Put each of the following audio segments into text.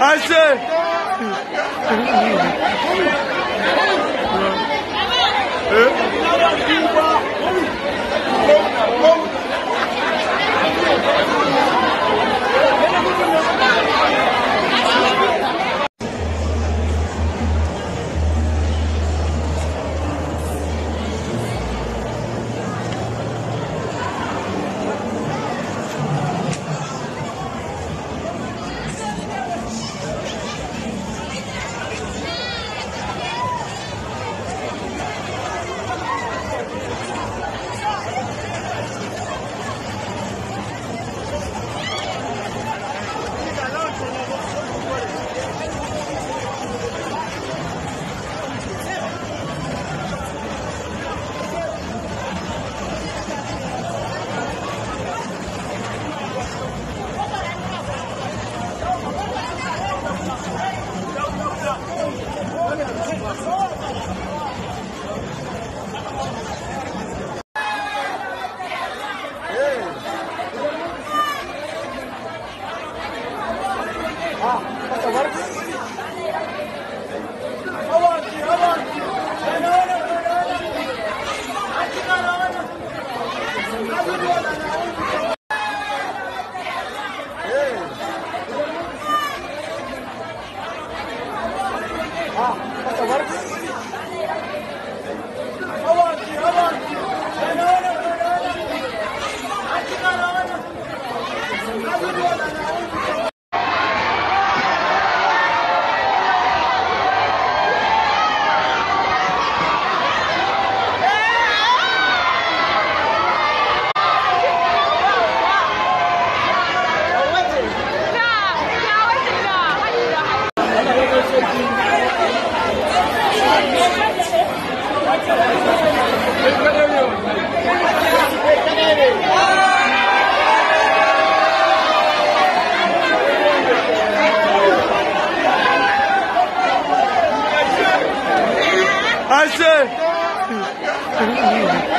I said.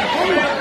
Come on.